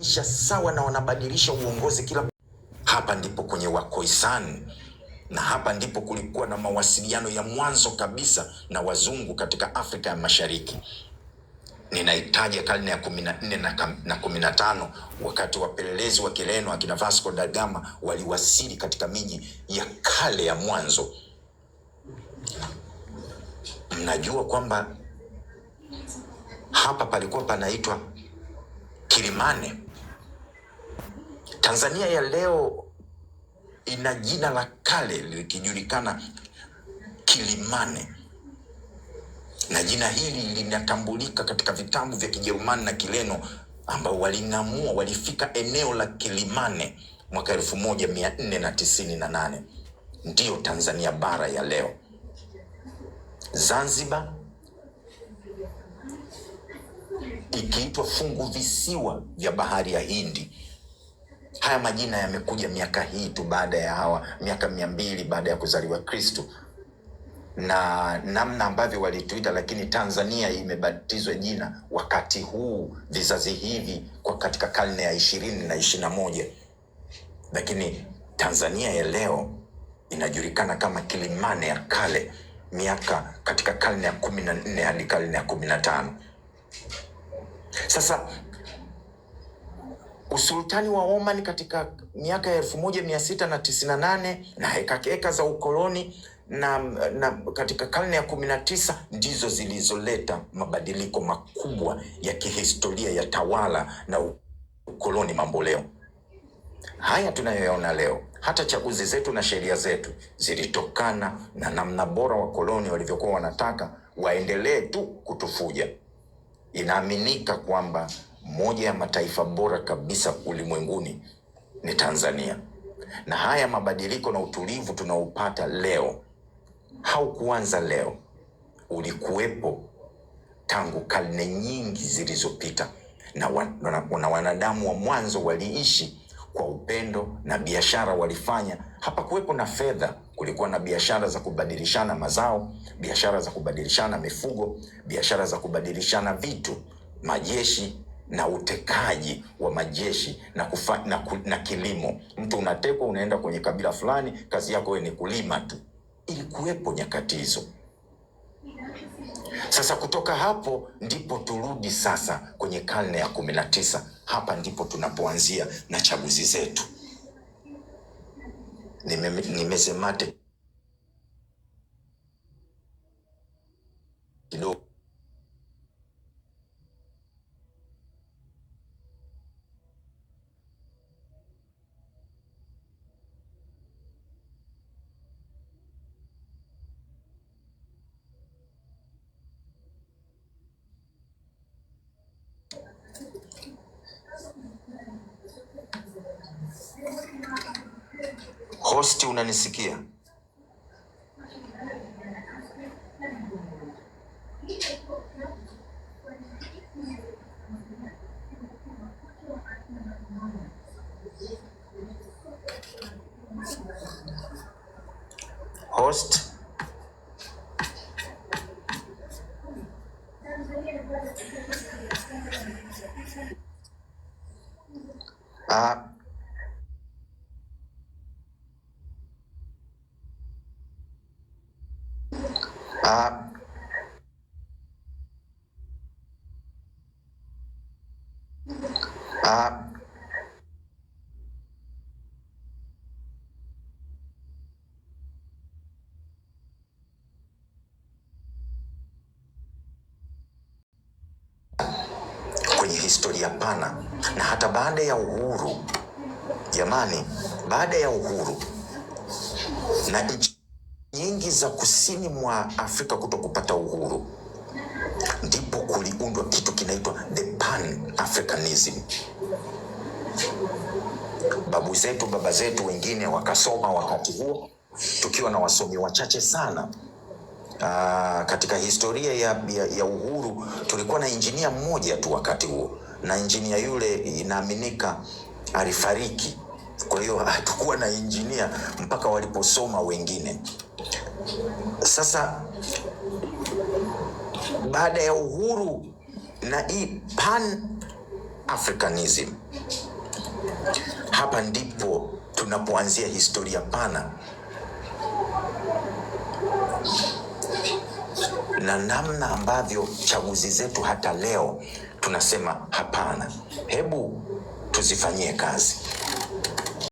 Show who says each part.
Speaker 1: isha sawa na wanabadilisha uongozi kila. Hapa ndipo kwenye Wakoisan, na hapa ndipo kulikuwa na mawasiliano ya mwanzo kabisa na wazungu katika Afrika ya Mashariki. ninahitaji karne ya kumi na nne na kumi na tano wakati wapelelezi wa Kireno akina Vasco da Gama waliwasili katika miji ya kale ya mwanzo. Mnajua kwamba hapa palikuwa panaitwa Kilimane. Tanzania ya leo ina jina la kale likijulikana Kilimane, na jina hili linatambulika katika vitabu vya Kijerumani na kileno ambao waling'amua, walifika eneo la Kilimane mwaka elfu moja mia nne na tisini na nane. Ndiyo Tanzania bara ya leo. Zanzibar ikiitwa fungu visiwa vya bahari ya Hindi Haya majina yamekuja miaka hii tu baada ya hawa miaka mia mbili baada ya kuzaliwa Kristo na namna ambavyo walituita, lakini Tanzania imebatizwa jina wakati huu, vizazi hivi, kwa katika karne ya ishirini na ishirini na moja, lakini Tanzania ya leo inajulikana kama Kilimane ya kale, miaka katika karne ya kumi na nne hadi karne ya kumi na tano sasa Usultani wa Oman katika miaka ya 1698 na hekaheka za ukoloni na, na katika karne ya kumi na tisa ndizo zilizoleta mabadiliko makubwa ya kihistoria ya tawala na ukoloni mamboleo Haya tunayoyaona leo, hata chaguzi zetu na sheria zetu zilitokana na namna bora wakoloni walivyokuwa wanataka waendelee tu kutufuja. Inaaminika kwamba moja ya mataifa bora kabisa ulimwenguni ni Tanzania, na haya mabadiliko na utulivu tunaopata leo haukuanza leo, ulikuwepo tangu karne nyingi zilizopita, na, wan, na, na wanadamu wa mwanzo waliishi kwa upendo na biashara walifanya. Hapakuwepo na fedha, kulikuwa na biashara za kubadilishana mazao, biashara za kubadilishana mifugo, biashara za kubadilishana vitu, majeshi na utekaji wa majeshi na, kufa, na, ku, na kilimo. Mtu unatekwa unaenda kwenye kabila fulani, kazi yako wewe ni kulima tu. Ilikuwepo nyakati hizo. Sasa kutoka hapo ndipo turudi sasa kwenye karne ya kumi na tisa. Hapa ndipo tunapoanzia na chaguzi zetu. Nimesemate nime Hosti, unanisikia? Host, ah kwenye historia pana na hata baada ya uhuru jamani, baada ya uhuru na nchi nyingi za kusini mwa Afrika kuto kupata uhuru, ndipo kuliundwa kitu kinaitwa the Pan Africanism. Babu zetu baba zetu wengine wakasoma wakati huo, tukiwa na wasomi wachache sana. Aa, ah, katika historia ya, ya, ya uhuru tulikuwa na injinia mmoja tu wakati huo, na injinia yule inaaminika alifariki. Kwa hiyo hatukuwa na injinia mpaka waliposoma wengine. Sasa baada ya uhuru na hii pan Africanism, hapa ndipo tunapoanzia historia pana na namna ambavyo chaguzi zetu hata leo tunasema hapana, hebu tuzifanyie kazi.